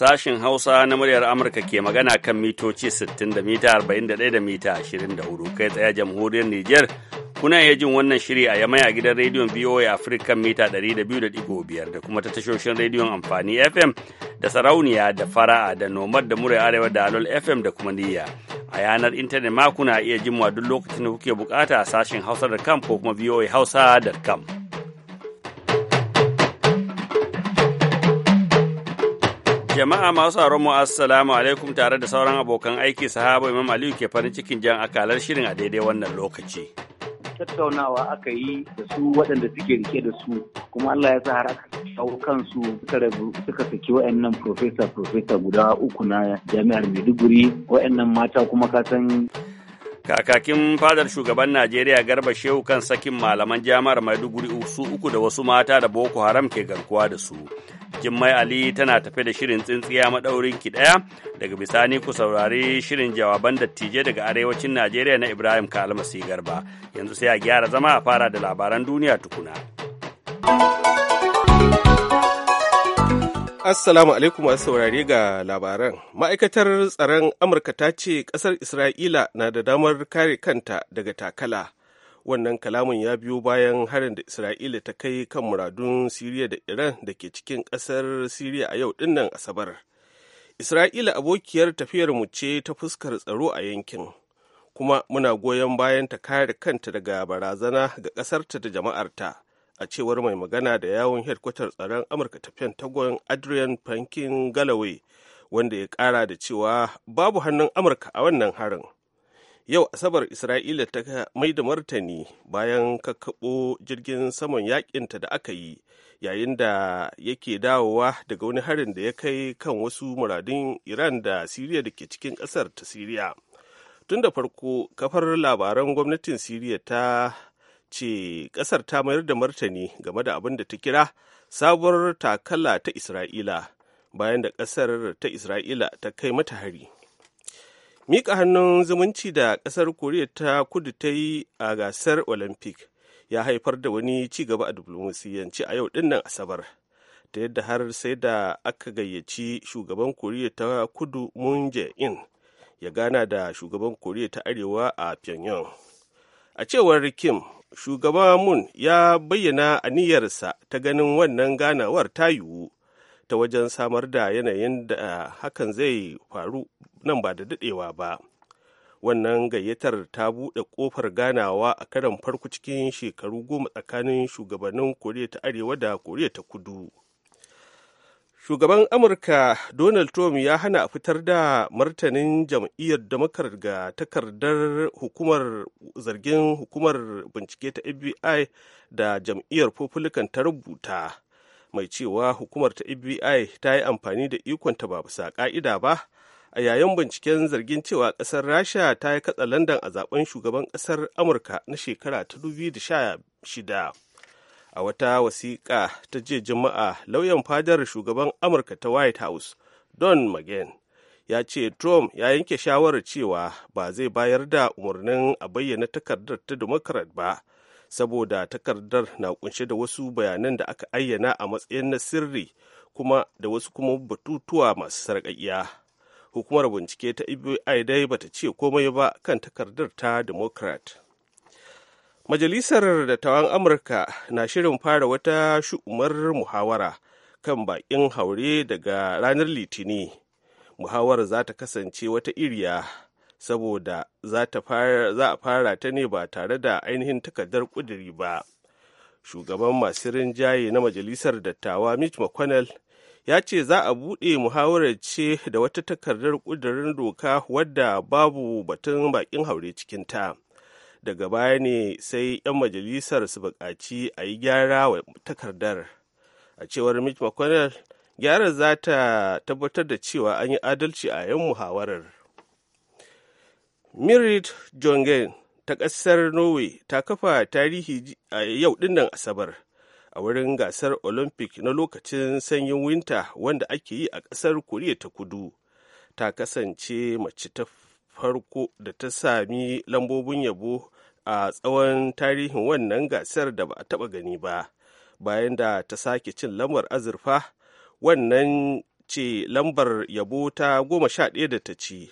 Sashin Hausa na muryar Amurka ke magana kan mitoci 60 da mita 41 da mita 24 kai tsaye jamhuriyar Nijar kuna iya jin wannan shiri a yamai a gidan rediyon VOA Africa mita 200.5 da kuma ta tashoshin rediyon amfani FM da sarauniya da fara'a da nomad da murai arewa da alol FM da kuma niyya. A yanar intanet ma kuna iya jin duk lokacin da kuke bukata a sashin hausa.com ko kuma voahausa.com. Jama'a masu sauraron mu assalamu alaikum tare da sauran abokan aiki sahaba Imam Aliyu ke farin cikin jan akalar shirin a daidai wannan lokaci. Tattaunawa aka yi da su waɗanda suke rike da su kuma Allah ya sa har aka kawo kansu suka saki wa'annan profesa profesa guda uku na jami'ar Maiduguri wa'annan mata kuma ka san kakakin fadar shugaban Najeriya Garba Shehu kan sakin malaman jami'ar Maiduguri su uku da wasu mata da Boko Haram ke garkuwa da su. Jummai Ali tana tafe da shirin tsintsiya maɗaurin ki ɗaya daga bisani ku saurari shirin jawaban dattijai daga arewacin Najeriya na Ibrahim Kalmasi Garba. Yanzu sai a gyara zama a fara da labaran duniya tukuna. Assalamu alaikum masu saurari ga labaran. Ma'aikatar tsaron Amurka ta ce ƙasar Isra'ila na da damar kare kanta daga takala. wannan kalamun ya biyo bayan harin da isra'ila ta kai kan muradun siriya da iran da ke cikin ƙasar siriya a yau dinnan asabar isra'ila abokiyar tafiyar mu ce ta fuskar tsaro a yankin kuma muna goyon bayan ta kare kanta daga barazana ga ƙasarta da jama'arta a cewar mai magana da yawon hedkwatar tsaron amurka ta pentagon adrian pankin galloway wanda ya kara da cewa babu hannun amurka a wannan harin yau asabar isra'ila ta mai da martani bayan kakkaɓo jirgin saman yakinta da aka yi yayin da yake dawowa daga wani harin da ya kai kan wasu muradun iran da siriya da ke cikin ƙasar ta siriya tun da farko kafar labaran gwamnatin siriya ta ce ƙasar ta mayar da martani game da abin da ta kira sabuwar takala ta isra'ila bayan da ƙasar ta isra'ila ta kai mata hari Mika hannun zumunci da ƙasar Koriya ta kudu ta yi a gasar Olympic ya haifar da wani ci gaba a diflomasiyyanci a yau dinnan Asabar. Ta yadda har sai da aka gayyaci shugaban Koriya ta kudu Moon in ya gana da shugaban Koriya ta Arewa a Pyongyang. A cewar Kim, shugaba Moon ya bayyana aniyarsa ta ganin wannan ganawar ta yiwu ta wajen samar da yanayin da eh, hakan zai faru nan ba da daɗewa ba wannan gayyatar ta buɗe ƙofar ganawa a karan farko cikin shekaru goma tsakanin shugabannin koriya ta arewa da koriya ta kudu shugaban amurka donald trump ya hana fitar da martanin jam'iyyar damakar ga takardar hukumar zargin hukumar bincike ta fbi da jam'iyyar republican ta rubuta mai cewa hukumar ta FBI ta yi amfani da ikonta ba bisa ka'ida ba a yayin binciken zargin cewa ƙasar Rasha ta yi katsa London a zaben shugaban ƙasar Amurka na shekara ta 2016. A wata wasiƙa ta jiya Juma'a lauyan fadar shugaban Amurka ta White House Don McGahn ya ce Trump ya yanke shawarar cewa ba zai bayar da umarnin a bayyana takardar ta Democrat ba saboda takardar na kunshe da wasu bayanan da aka ayyana a matsayin na sirri kuma da wasu kuma batutuwa masu sarƙaƙiya hukumar bincike ta fbi dai bata ce komai ba kan takardar ta democrat majalisar da tawan amurka na shirin fara wata shu'umar muhawara kan baƙin haure daga ranar litini muhawarar za ta kasance wata iriya saboda za a fara ta ne ba tare da ainihin takardar kuduri ba shugaban masu rinjaye na majalisar dattawa mitch mcconnell ya ce za a buɗe muhawarar ce da wata takardar kudurin doka wadda babu batun bakin haure cikinta daga baya ne sai 'yan majalisar su buƙaci a yi gyara wa takardar a cewar mitch mcconnell gyara za ta tabbatar da cewa an yi adalci a 'yan muhawarar Mirit Jongen ta ƙasar Norway ta kafa tarihi a yau dinnan Asabar a wurin gasar Olympic na lokacin sanyin winta wanda ake yi a ƙasar Koriya ta kudu. Ta kasance mace ta farko da ta sami lambobin yabo a tsawon tarihin wannan gasar da ba a taɓa gani ba. Bayan da ta sake cin lambar azurfa, wannan ce lambar yabo ta goma sha ɗaya da ta ci.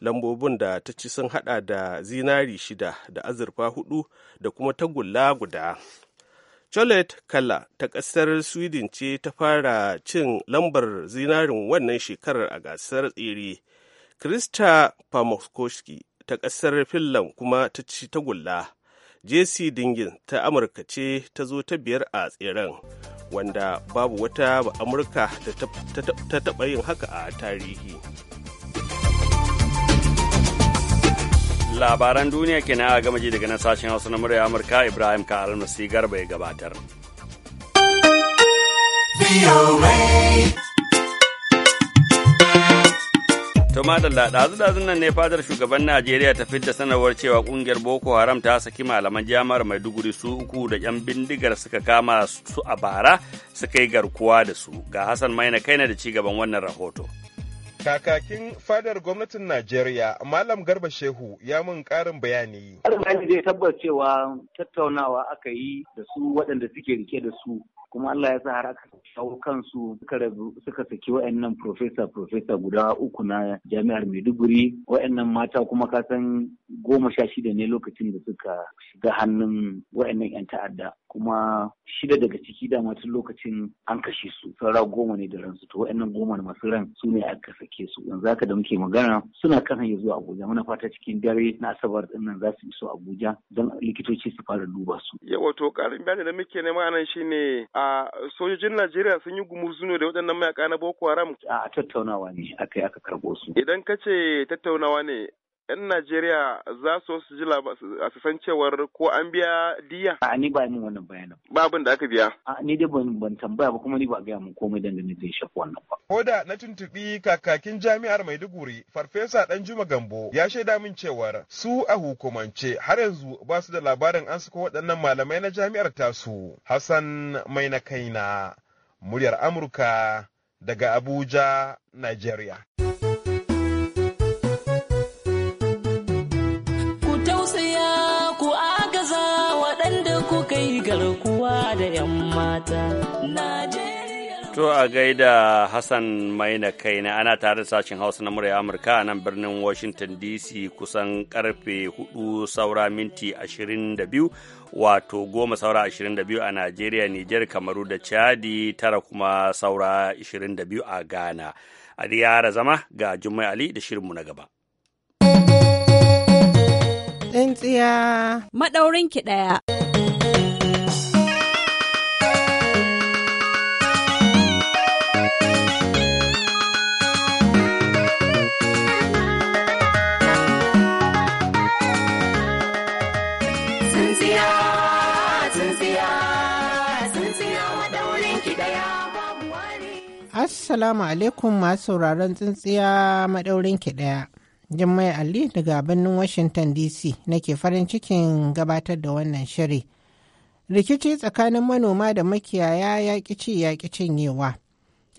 lambobin da ta ci sun hada da zinari shida da azurfa hudu da kuma tagulla guda Cholet kala ta ƙasar Sweden ce ta fara cin lambar zinarin wannan shekarar a gasar tsere. Krista pamoskowski ta ƙasar Finland kuma ta ci tagulla. JC Dingin ta Amurka ce ta zo ta biyar a tseren, wanda babu wata ba Amurka ta taɓa yin haka a tarihi. labaran duniya kenan a gama ji daga nan sashen hausa na murya amurka ibrahim ka garba ya gabatar To madalla ɗazu-ɗazun nan ne fadar shugaban Najeriya ta fidda sanarwar cewa ƙungiyar Boko Haram ta saki malaman jami'ar Maiduguri su uku da 'yan bindigar suka kama su a bara suka yi garkuwa da su. Ga Hassan Maina kaina da ci gaban wannan rahoto. Kakakin fadar gwamnatin Najeriya, Malam Garba Shehu ya mun ƙarin bayani. Ƙarin bayani zai tabbas cewa tattaunawa aka yi da su waɗanda suke rike da su kuma Allah ya sa har aka shawo kansu suka rabu suka saki wayannan profesa profesa guda uku na jami'ar Maiduguri nan mata kuma ka san goma sha shida ne lokacin da suka shiga hannun nan yan ta'adda kuma shida daga ciki da tun lokacin an kashe su saura goma ne da ransu to nan goma masu ran su ne aka sake su yanzu haka da muke magana suna kan hanyar zuwa Abuja muna fata cikin dare na Asabar din nan za su iso Abuja don likitoci su fara duba su. Yawa to karin bayani da muke nema nan shine a sojojin Najeriya sun yi gumurzu ne da waɗannan mayaka na Boko Haram? A tattaunawa ne aka aka karɓo su. Idan ka ce tattaunawa ne 'yan Najeriya za su su ji a su san cewar ko an biya diya? A ni ba min wannan bayanin. Babin da aka biya? A ni dai ban ban tambaya ba kuma ni ba gaya mun komai dangane da shafi wannan ba. Koda na tuntuɓi kakakin jami'ar Maiduguri Farfesa Danjuma Gambo ya shaida min cewar su a hukumance har yanzu ba su da labarin an suka waɗannan malamai na jami'ar tasu. Hassan Mai kaina muryar Amurka daga Abuja, Najeriya. waɗanda kuka yi garkuwa da 'yan mata To a gaida Hassan Maina ne. ana tare da sashen Hausa na murya Amurka a nan birnin Washington DC kusan karfe 4 saura minti 22 wato goma saura 22 a Najeriya, Nijar, Kamaru da Chadi tara kuma saura 22 a Ghana. A zama ga Jummai Ali da shirinmu na gaba. Ɗan tsiya. Maɗaurin ki ɗaya. Assalamu alaikum masu sauraron tsintsiya maɗaurin ki ɗaya. Jummai Ali daga birnin Washington DC nake farin cikin gabatar da wannan shiri. Rikici tsakanin manoma da makiyaya ya ci ya cinyewa.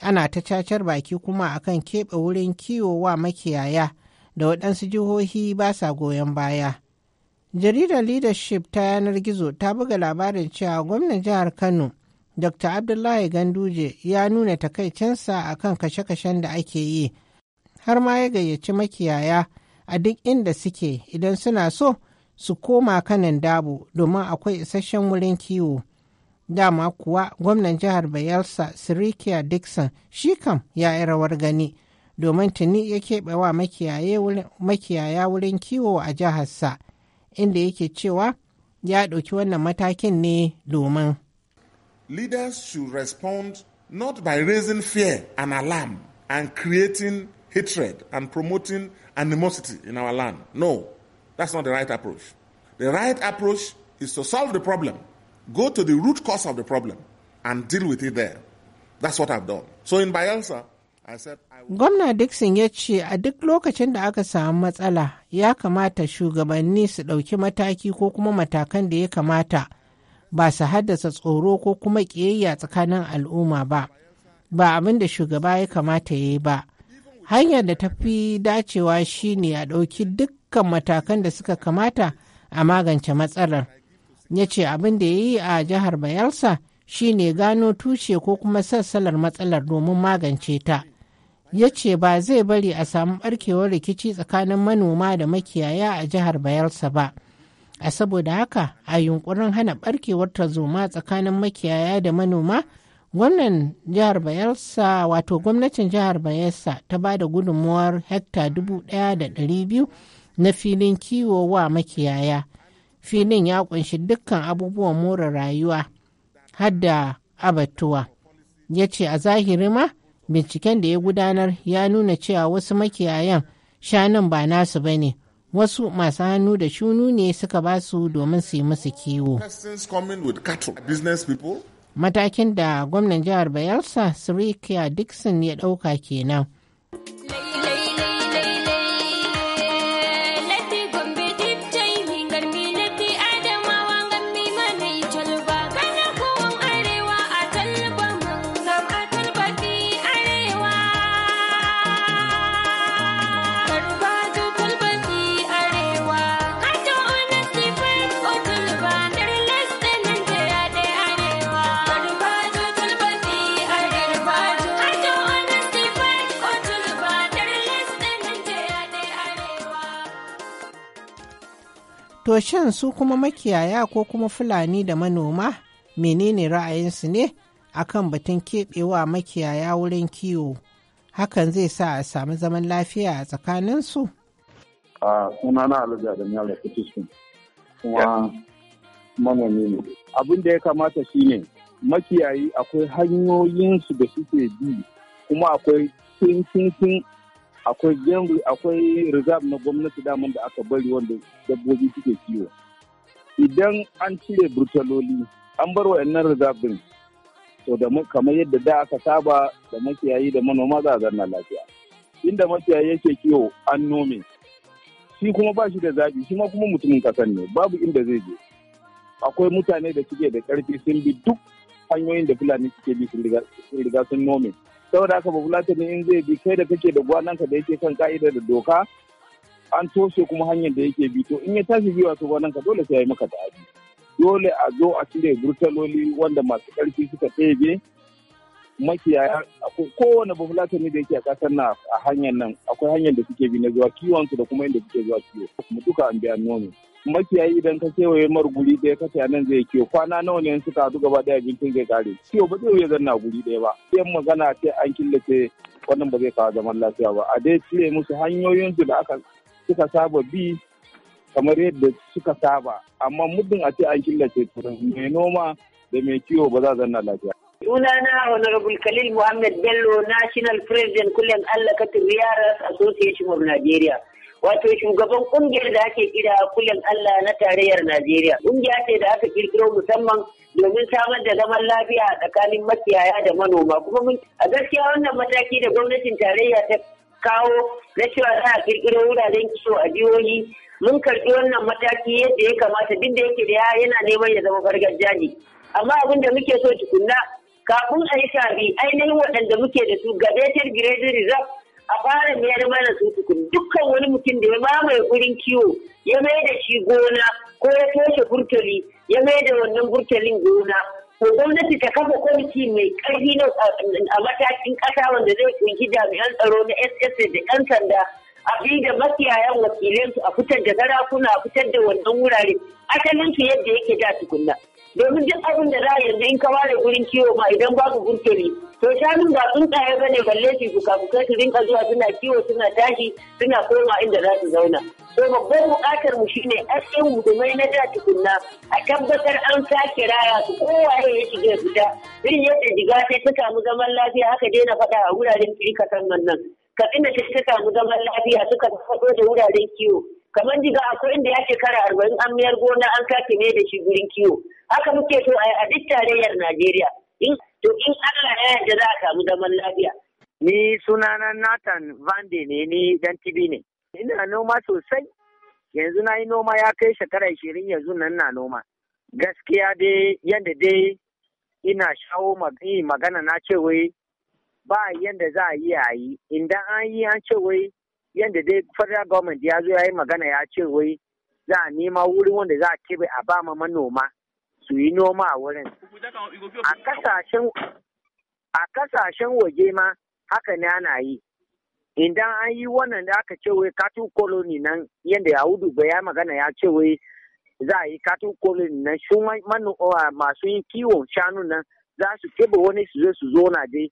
Ana ta cacar baki kuma akan keɓe wurin kiwo wa makiyaya da waɗansu jihohi ba sa goyon baya. Jaridar Leadership ta yanar gizo ta buga labarin cewa gwamnan jihar Kano, Dr. Abdullahi Ganduje ya nuna takaicinsa akan kashe-kashen da ake yi. har ma ya gayyaci makiyaya a duk inda suke idan suna so su koma kanan dabu domin akwai isasshen wurin kiwo. Dama kuwa gwamnan jihar Bayelsa Sirikiya Dixon shi kam ya yi rawar gani domin tuni ya keɓe wa makiyaya wurin kiwo a jiharsa inda yake cewa ya ɗauki wannan matakin ne domin. Leaders should respond not by raising fear and alarm and creating hatred and promoting animosity in our land. No, that's not the right approach. The right approach is to solve the problem, go to the root cause of the problem, and deal with it there. That's what I've done. So in Bayelsa, I said. Gwamna Dixon ya ce a duk lokacin da aka samu matsala ya kamata shugabanni su ɗauki mataki ko kuma matakan da ya kamata ba su haddasa tsoro ko kuma ƙiyayya tsakanin al'umma ba, ba abin da shugaba ya kamata ya yi ba. hanyar da ta fi dacewa shine a ɗauki dukkan matakan da suka kamata a magance matsalar ya ce abin da ya yi a jihar bayelsa shine gano tushe ko kuma sassalar matsalar domin magance ta ya ce ba zai bari a samu barkewar rikici tsakanin manoma da makiyaya a jihar bayelsa ba a saboda haka a yunkurin hana barkewar tazoma tsakanin makiyaya da manoma gwamnan jihar bayelsa wato gwamnatin jihar bayelsa ta ba da gudunmuwar hekta biyu na filin kiwo wa makiyaya filin ya kunshi dukkan abubuwan more rayuwa hadda abatuwa ya ce a zahiri ma binciken da ya gudanar ya nuna cewa wasu makiyayan shanun ba nasu ba ne wasu masu hannu da shunu ne suka ba su domin su yi musu kiwo matakin da gwamnan jihar bayelsa sirikiya dixon ya ɗauka kenan. To su kuma makiyaya ko kuma Fulani da manoma menene ra'ayinsu ne akan batun keɓewa makiyaya wurin kiwo? Hakan zai sa a sami zaman lafiya a tsakaninsu? A sunana Alhaji Adam Yaro Kutuskun kuma manomi ne. Abin da ya kamata shine makiyayi akwai hanyoyinsu da suke bi kuma akwai tun akwai gengu akwai reserve na gwamnati daman da aka bari wanda dabbobi suke kiwo idan an cire burtaloli an bar wa'annan reserve din to da kamar yadda da aka saba da makiyayi da manoma za a zanna lafiya inda makiyayi yake kiwo an nome shi kuma ba shi da zabi shi ma kuma mutumin kasan ne babu inda zai je akwai mutane da suke da karfi sun bi duk hanyoyin da fulani suke bi sun riga sun nome saboda haka babu fulatani in zai bi kai da kake da ka da yake kan ka'ida da doka an toshe kuma hanyar da yake bi to in ya tashi wasu gwanan gwananka dole sai ya yi maka ta'adi dole a zo a cire burtaloli wanda masu ƙarfi suka tebe makiyaya kowane kowane ne da yake a kasar na a hanyar nan akwai hanyar da suke bi na zuwa kiwon su da kuma inda suke zuwa kiwo kuma duka an biya nomi makiyayi idan ka kewaye mar guri ɗaya ka saya nan zai kiwo kwana nawa ne suka haɗu gaba ɗaya abincin zai kare kiwo ba zai iya zanna guri ɗaya ba sai magana ce an killace wannan ba zai kawo zaman lafiya ba a dai cire musu hanyoyinsu da aka suka saba bi kamar yadda suka saba amma muddin a ce an killace mai noma da mai kiwo ba za zanna lafiya sunana honorable khalil muhammad bello national president kullum allah katin riyaras association of nigeria wato shugaban kungiyar da ake kira kullum allah na tarayyar najeriya kungiya ce da aka kirkiro musamman domin samar da zaman lafiya a tsakanin makiyaya da manoma kuma mun a gaskiya wannan mataki da gwamnatin tarayya ta kawo na cewa za a kirkiro wuraren kiso a jihohi mun karbi wannan mataki yadda ya kamata duk da yake da yana neman ya zama gargajiya amma abin da muke so tukunna kafin a yi tabi ainihin waɗanda muke da su gabatar graded reserve a fara mayar mana su tukun dukkan wani mutum da ya mamaye gurin kiwo ya mai da shi gona ko ya toshe burtali ya mai da wannan burtalin gona ko gwamnati ta kafa kwamiti mai ƙarfi na a matakin ƙasa wanda zai kunshi jami'an tsaro na ss da 'yan sanda a bi da makiyayan wakilansu a fitar da sarakuna a fitar da wannan wurare asalin su yadda yake da tukunna. domin duk abin da za a yanzu in ka ware gurin kiwo ma idan babu gurkeri to shanun ba sun tsaye ba ne balle su buka buka su rinka zuwa suna kiwo suna tashi suna koma inda za su zauna to babban buƙatar mu shine da hudumai na da tukunna a tabbatar an sake raya su kowaye ya shige fita irin yadda jiga sai ta samu zaman lafiya haka daina faɗa a wuraren kirkatan nan katsina ta samu zaman lafiya suka haɗo da wuraren kiwo kamar diga akwai inda ya shekara arba'in an miyar gona an sake ne da shi gurin kiwo haka muke so a yi a duk tarayyar najeriya to in allah ya yarda za a samu zaman lafiya. ni sunana nathan vande ne ni dan tibi ne ina noma sosai yanzu na yi noma ya kai shekara ashirin yanzu nan na noma gaskiya dai yadda dai ina shawo magana na ce wai ba yadda za a yi a yi idan an yi an ce wai yadda dai federal government ya zo ya yi magana ya ce wai za a nema wurin wanda za a kebe a ba ma manoma su yi noma a wurin a kasashen waje ma haka ne ana yi idan an yi wannan da aka ce wai katu koloni nan yadda hudu bai ya magana ya ce wai za a yi katu koloni nan manoma masu yin kiwon shanu nan za su kebe wani su zo su zo na dai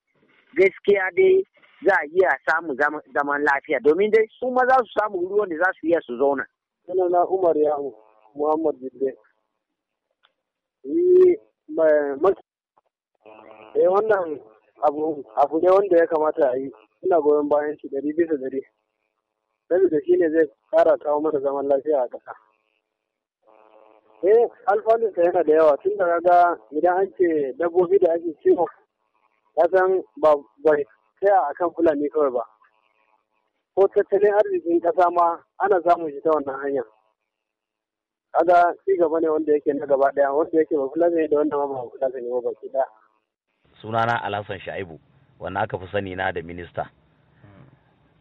gaskiya dai za a iya samu zaman lafiya domin dai su ma za su samu ruwan da za su iya su zauna. Sunan na Umar ya Muhammad Jibbe. Yi Eh wannan abu abu ne wanda ya kamata a yi ina goyon bayan shi dari bisa dari. Saboda shi ne zai kara kawo mana zaman lafiya a ƙasa. Eh alfanunsa yana da yawa tun da ga idan an ce dabbobi da ake ciwo kasan ba tsaya a kan fulani kawai ba ko tattalin arzikin ƙasa ma ana samun shi ta wannan hanya kaga ci gaba ne wanda yake na gaba ɗaya wanda yake ba fulani da wanda ma ba fulani ba baki ɗaya sunana alhassan sha'ibu wanda aka fi sani na da minista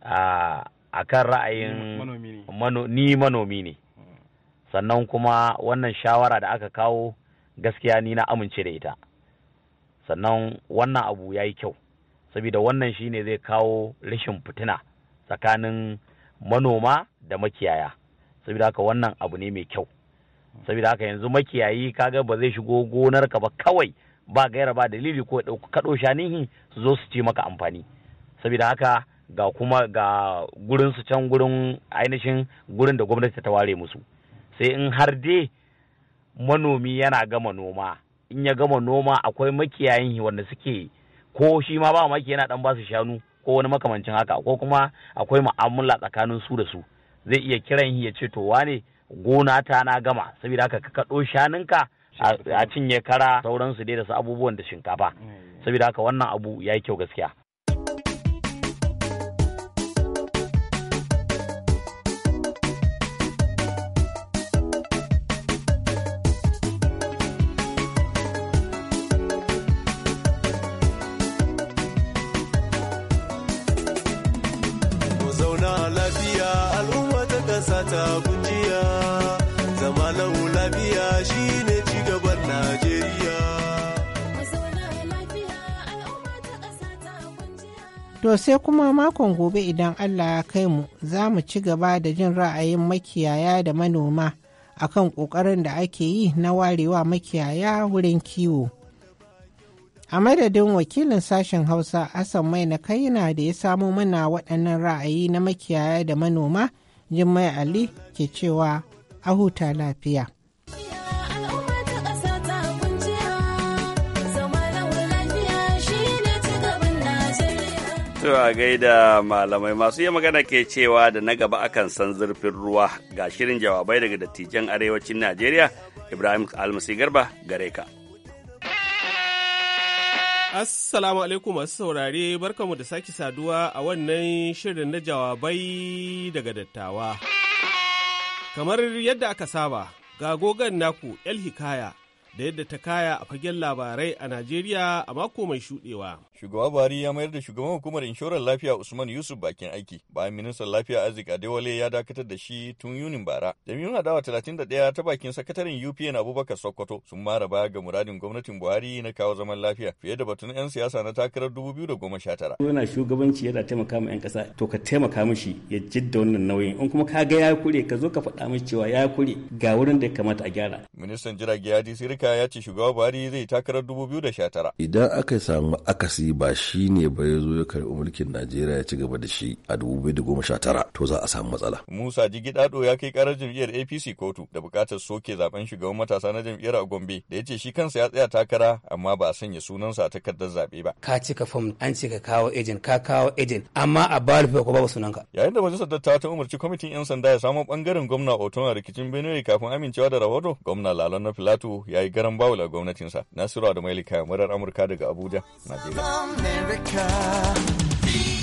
a kan ra'ayin ni manomi ne sannan kuma wannan shawara da aka kawo gaskiya ni na amince da ita sannan wannan abu ya yi kyau saboda wannan shine zai kawo rashin fitina tsakanin manoma da makiyaya saboda haka wannan abu ne mai kyau saboda haka yanzu makiyayi kaga ba zai shigo gonar ka ba kawai ba gaira ba dalili ko kado shanihi su zo su ci maka amfani saboda haka ga kuma ga gurin su can gurin ainihin gurin da gwamnati ta ware musu sai in har dai manomi yana gama noma in ya gama noma akwai makiyayin wanda suke ko shi ma ba maki yana dan basu shanu ko wani makamancin haka ko kuma akwai mu'amala tsakanin su da su zai iya kiran shi ya ce to wane gona ta na gama saboda haka ka kaɗo shanunka a cinye kara sauransu dai da su abubuwan da shinkafa eh. saboda haka wannan abu yayi kyau gaskiya sai kuma makon gobe idan Allah ya kai mu za mu ci gaba da jin ra'ayin makiyaya da manoma a kan ƙoƙarin da ake yi na warewa makiyaya wurin kiwo. A madadin wakilin sashen Hausa Hassan Mai na kai kaina da ya samo mana waɗannan ra'ayi na makiyaya da manoma, Jummai Ali ke cewa a huta lafiya. To a gaida malamai masu yi magana ke cewa da na gaba akan san zurfin ruwa ga shirin jawabai daga dattijan arewacin Najeriya Ibrahim Almasi Garba gare ka. Assalamu alaikum masu saurare barkamu da sake saduwa a wannan shirin na jawabai daga dattawa. Kamar yadda aka saba, ga gogan naku El Hikaya da yadda ta kaya a fagen labarai a Najeriya a mako mai shuɗewa. Shugaba Buhari ya mayar da shugaban hukumar inshorar lafiya Usman Yusuf bakin aiki bayan ministan lafiya Azik Adewale ya dakatar da shi tun Yunin bara. Jami'un adawa 31 ta bakin sakataren UPN Abubakar Sokoto sun mara baya ga muradin gwamnatin Buhari na kawo zaman lafiya fiye da batun 'yan siyasa na takarar 2019. Yana shugabanci yana taimaka ma 'yan kasa to ka taimaka mishi ya jidda wannan nauyin in kuma ka ga ya kure ka zo ka faɗa mishi cewa ya kure ga wurin da ya kamata a gyara. Ministan jirage Yadi Sirika ya ce shugaba Buhari zai takarar 2019. Idan aka samu akasi ba shi ne ba ya zo ya karɓi mulkin Najeriya ya ci gaba da shi a goma 2019 to za a samu matsala. Musa Jigidado ya kai karar jam'iyyar APC kotu da bukatar soke zaben shugaban matasa na jam'iyyar a Gombe da ya ce shi kansa ya tsaya takara amma ba a sanya sunansa a takardar zaɓe ba. Ka cika fom an ce ka kawo ejen ka kawo ejen amma a ballot paper ko babu sunanka. Yayin da majalisar dattawa ta umarci kwamitin 'yan sanda ya samo bangaren gwamna Otona rikicin Benue kafin amincewa da rahoto gwamna Lalon na Filato ya yi garan bawula gwamnatinsa. Nasiru Adamu Elika murar Amurka daga Abuja, Najeriya.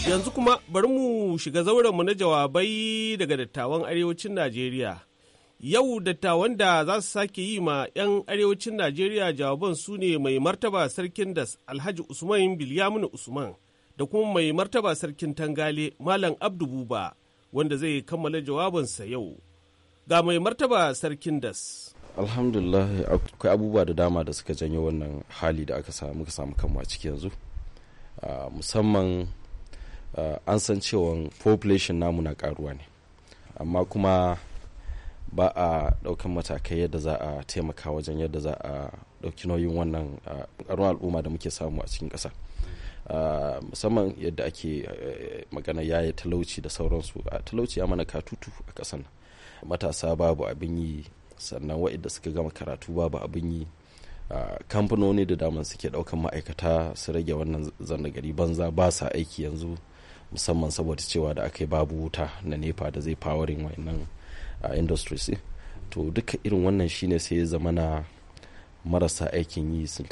Yanzu kuma bari mu shiga zaurenmu na jawabai daga dattawan arewacin Najeriya. Yau dattawan da za su sake yi ma 'yan arewacin Najeriya jawaban su ne mai martaba sarkin da Alhaji Usman Bilyamin Usman da kuma mai martaba sarkin Tangale Malam Abdu Buba wanda zai kammala jawabansa yau. Ga mai martaba sarkin das. Alhamdulillah akwai abubuwa da dama da suka janyo wannan hali da aka samu kanmu a ciki yanzu. Ah, musamman ah, an san cewa population namu na karuwa ne amma kuma ba a ɗaukan matakai yadda za a taimaka wajen yadda za a ɗauki nauyin wannan karuwan ah, al'umma da muke samu a cikin ƙasa musamman yadda ake eh, magana yaya talauci da sauransu talauci ya mana katutu a ƙasan matasa babu abin yi sannan waɗanda suka gama karatu babu abin yi kamfanoni da damar suke daukan ma'aikata su rage wannan gari banza ba sa aiki yanzu musamman saboda cewa da aka yi babu wuta na nepa da zai powering wa'annan industries to duka irin wannan shine sai ya na marasa aikin yi sun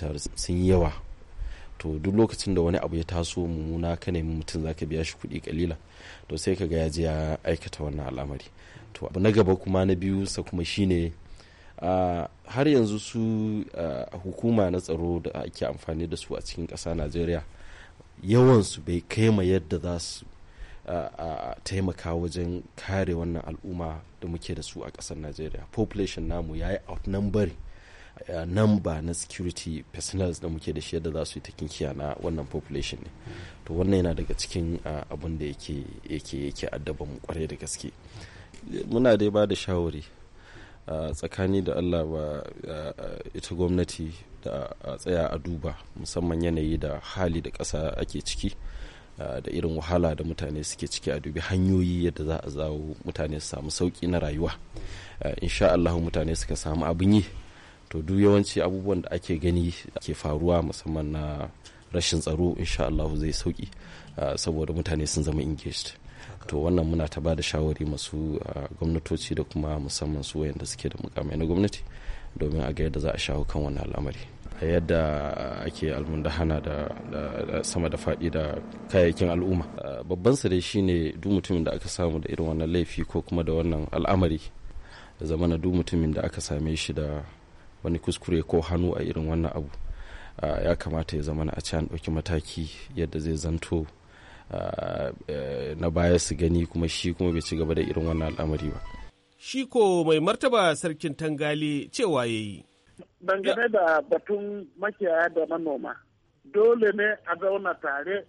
yawa to duk lokacin da wani abu ya taso mummuna ka nemi mutum zaka biya shi kuɗi kalila to sai ka ga ya je ya aikata wannan al'amari to abu na gaba kuma na biyu sa kuma shine har yanzu su hukuma na tsaro da ake amfani da su a cikin ƙasa najeriya yawansu bai kai ma yadda za su taimaka wajen kare wannan al'umma da muke da su a ƙasar najeriya population namu ya yi outnumber Uh, namba na security personnel da muke da shi yadda za su yi takin kiya na wannan population ne to wannan yana daga cikin abin da yake yake addaban mu kwarai da gaske muna dai ba da shawari tsakani da allah ba ita gwamnati da a tsaya a duba musamman yanayi da hali da ƙasa ake ciki da irin wahala da mutane suke ciki a dubi hanyoyi yadda za a zawo mutane su samu sauƙi na rayuwa insha allahu mutane suka samu abin yi to duk yawanci abubuwan da ake gani ke faruwa musamman na rashin tsaro insha allahu zai sauƙi saboda mutane sun zama engaged to wannan muna ta ba da shawari masu gwamnatoci da kuma musamman su wayanda suke da mukamai na gwamnati domin a ga yadda za a shawo kan wannan al'amari a yadda ake almundahana da sama da faɗi da kayayyakin al'umma babban su dai shine duk mutumin da aka samu da irin wannan laifi ko kuma da wannan al'amari zamana duk mutumin da aka same shi da wani kuskure ko hannu a irin wannan abu ya kamata ya zamana a ci an ɗauki mataki yadda zai zanto na baya su gani kuma shi kuma bai ci gaba da irin wannan al'amari ba shi ko mai martaba sarkin tangali cewa ya yi dangane da batun makiyaya da manoma dole ne a zauna tare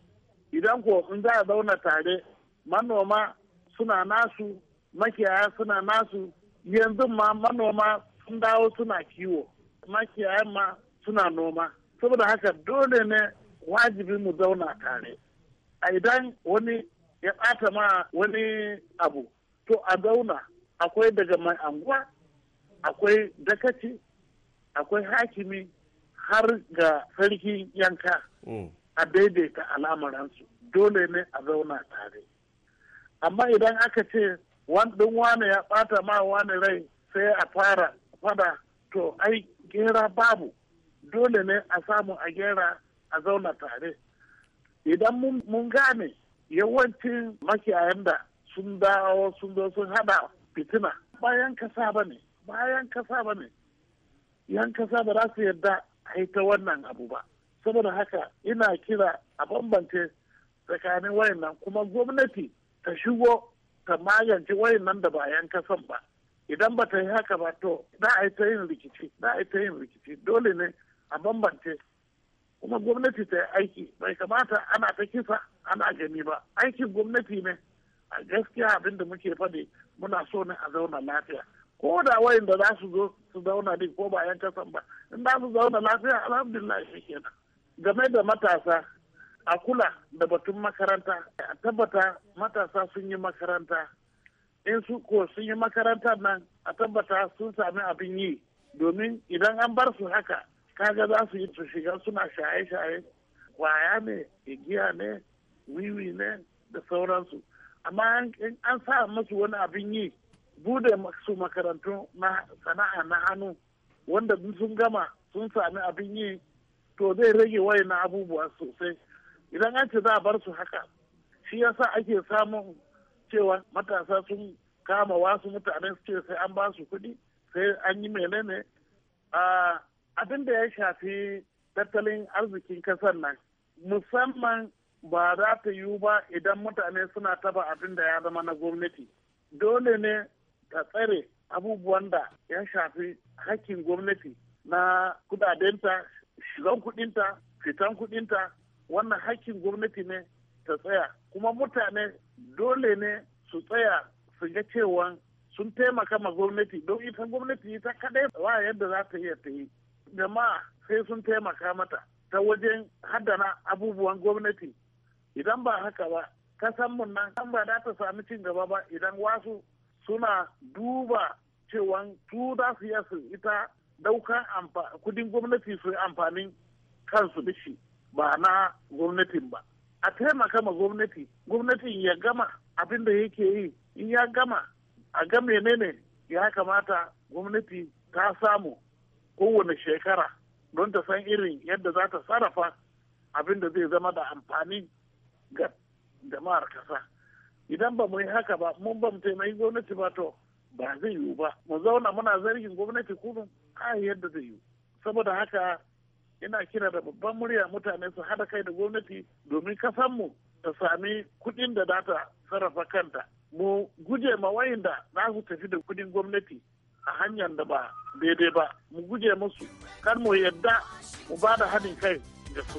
idan ko in za a zauna tare manoma suna nasu makiyaya suna nasu yanzu ma manoma sun dawo suna kiwo makiyaya ma suna noma saboda haka dole ne wajibi mu zauna tare a idan wani ya ɓata ma wani abu to a zauna akwai daga mai anguwa akwai dakaci akwai hakimi har ga sarki yanka mm. a daidaita al'amuransu dole ne a zauna tare amma idan aka ce ɗin wane ya ɓata ma wani rai sai a fara fada to ai gera babu dole ne a samu a gera a zauna tare idan mun gane yawancin makiyayan da sun dawo sun zo sun hada fitina bayan kasa ba ne bayan kasa ba ne yan kasa ba za su yarda haita wannan abu ba saboda haka ina kira a bambance tsakanin wayannan kuma gwamnati ta shigo ta magance wayannan da bayan kasan ba idan ba ta yi haka ba to da a rikici da a yi ta yin rikici dole ne a bambance kuma gwamnati ta yi aiki bai kamata ana ta kisa ana gani ba aikin gwamnati ne a gaskiya abinda da muke faɗi muna so ne a zauna lafiya ko da wayan da za su zo su zauna din ko ba kasan ba in za su zauna lafiya alhamdulillah shi kenan game da matasa a kula da batun makaranta a tabbata matasa sun yi makaranta in su ko sun yi makaranta nan a tabbata sun sami abin yi domin idan an bar su haka kaga za su yi su shiga suna shaye-shaye kwaya ne igiya ne wiwi ne da sauransu amma an sa masu wani abin yi bude su makarantu na sana'a na hannu wanda sun gama sun sami abin yi to zai rage waye na abubuwa sosai idan an ce za a bar su haka shi yasa ake samun cewa matasa sun kama wasu mutane su ce sai an ba su kuɗi sai an yi menene a ah, abin da ya shafi tattalin arzikin kasar nan musamman ba za ta yiwu ba idan mutane suna taba abin da ya zama na gwamnati dole ne ta tsare abubuwan da ya shafi hakkin gwamnati na kudadenta shigan kudinta fitan kudinta wannan hakkin gwamnati ne ta tsaya kuma mutane dole ne su tsaya su ga cewa sun taimaka ma gwamnati don ita gwamnati ta kadai ba yadda za ta iya ta yi jama'a sai sun taimaka mata ta wajen haddana abubuwan gwamnati idan ba haka ba mun nan an ba za ta sami cin gaba ba idan wasu suna duba cewa su za su iya su ita daukan kudin gwamnati su amfanin kansu da shi ba na gwamnatin ba a taimaka ma gwamnati gwamnatin ya gama abin da yake yi in ya gama a ga menene ya kamata gwamnati ta samu kowane shekara don ta san irin yadda za ta sarrafa abin da zai zama da amfani ga jama'ar kasa idan ba mu yi haka ba mun ba mu taimaki gwamnati ba to ba zai yiwu ba mu zauna muna zargin gwamnati kudin a yadda zai yiwu saboda haka ina kira da babban murya mutane su haɗa kai da gwamnati domin kasanmu ta sami kuɗin da data sarrafa kanta mu guje ma wayanda za su tafi da kuɗin gwamnati a hanyar da ba daidai ba mu guje musu kar mu yadda mu ba da haɗin kai da su.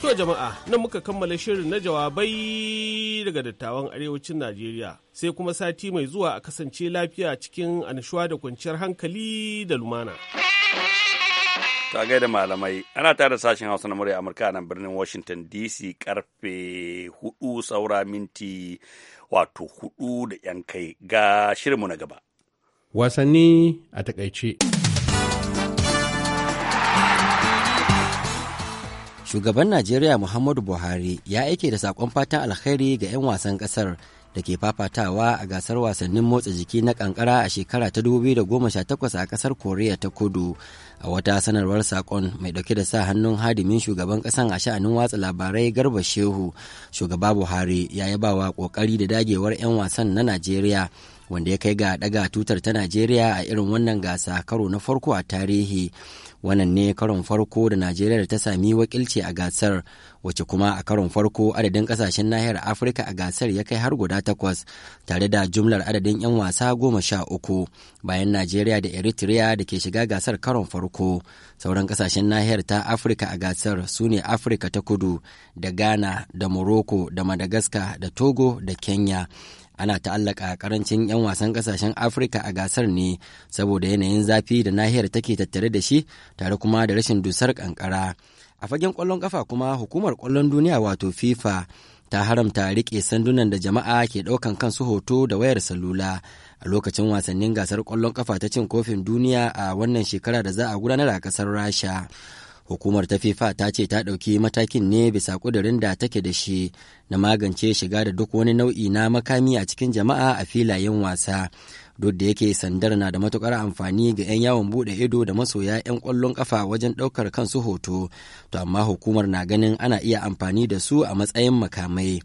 To jama'a nan muka kammala shirin na jawabai daga dattawan arewacin Najeriya sai kuma sati mai zuwa a kasance lafiya cikin annashuwa da kwanciyar hankali da lumana. ta gaida malamai ana tare da sashen hausa na murya amurka nan birnin washington dc karfe hudu saura minti wato hudu da yan kai ga shirinmu na gaba wasanni a takaice shugaban najeriya muhammadu buhari ya aike da sakon fatan alkhairi ga 'yan wasan kasar da ke fafatawa a gasar wasannin motsa jiki na kankara a shekara ta 2018 a kasar koriya ta kudu a wata sanarwar sakon mai dauke da sa hannun hadimin shugaban kasan a sha'anin watsa labarai garba shehu shugaba buhari ya yaba wa kokari da dagewar 'yan wasan na najeriya wanda ya kai ga daga tutar ta najeriya a irin wannan gasa karo na farko a tarihi wannan ne karon farko da najeriya da ta sami wakilci a gasar wacce kuma a karon farko adadin kasashen nahiyar afirka a gasar ya kai har guda takwas tare da jumlar adadin 'yan wasa goma sha uku bayan najeriya da eritrea da ke shiga gasar karon farko sauran kasashen nahiyar ta afirka a gasar su ne afirka ta kudu da ghana da morocco da madagascar da togo da kenya ana ta'allaka karancin 'yan wasan kasashen afirka a gasar ne saboda yanayin zafi da nahiyar take tattare da shi tare kuma da rashin dusar kankara a fagen kwallon kafa kuma hukumar kwallon duniya wato fifa ta haramta riƙe sandunan da jama'a ke ɗaukan kansu hoto da wayar salula a lokacin wasannin gasar kwallon kafa ta cin kofin duniya a wannan shekara da za a gudanar a ƙasar rasha hukumar ta fifa ta ce ta ɗauki matakin ne bisa ƙudurin da take da shi na magance shiga da duk wani nau'i na makami a cikin jama'a a filayen wasa duk da yake sandar na da matukar amfani ga 'yan yawon bude ido da masoya 'yan kwallon ƙafa wajen ɗaukar kansu hoto to amma hukumar na ganin ana iya amfani da su a matsayin makamai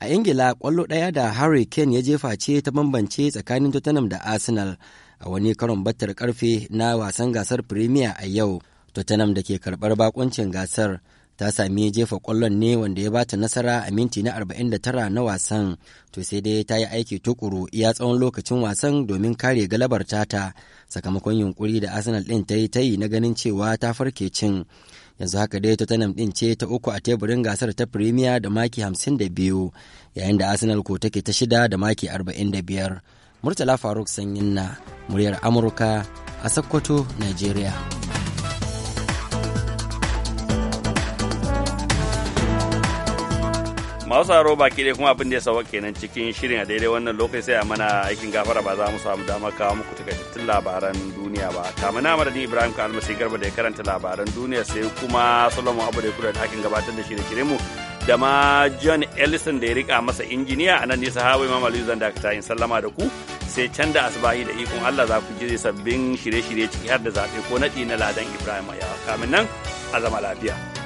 a ingila kwallo ɗaya da harry kane ya jefa ce ta bambance tsakanin tottenham da arsenal a wani karon battar karfe na wasan gasar premier a yau Tottenham da ke karɓar bakuncin gasar ta sami jefa kwallon ne wanda ya bata nasara a minti na 49 na wasan to sai dai ta yi aiki tukuru iya tsawon lokacin wasan domin kare galabar tata sakamakon yunkuri da arsenal ɗin ta yi ta yi na ganin cewa ta farke cin yanzu haka dai tottenham ɗin ce ta uku a teburin gasar ta premier da maki 52 yayin da arsenal ko take ta shida da maki 45 murtala faruk sanyin na muryar amurka a sokoto nigeria masu haro baki dai kuma abin da ya sawa kenan cikin shirin a daidai wannan lokacin sai a mana aikin gafara ba za mu samu damar kawo muku takaitattun labaran duniya ba kama na madadin ibrahim ka almasi garba da ya karanta labaran duniya sai kuma solomon abu da ya kula da aikin gabatar da shirye mu da ma john ellison da ya rika masa injiniya a nan nisa hawa imam aliyu zan dakata in sallama da ku sai can da asibahi da ikon allah za ku ji sabbin shirye-shirye ciki har da zaɓe ko naɗi na ladan ibrahim ya kamin nan a zama lafiya.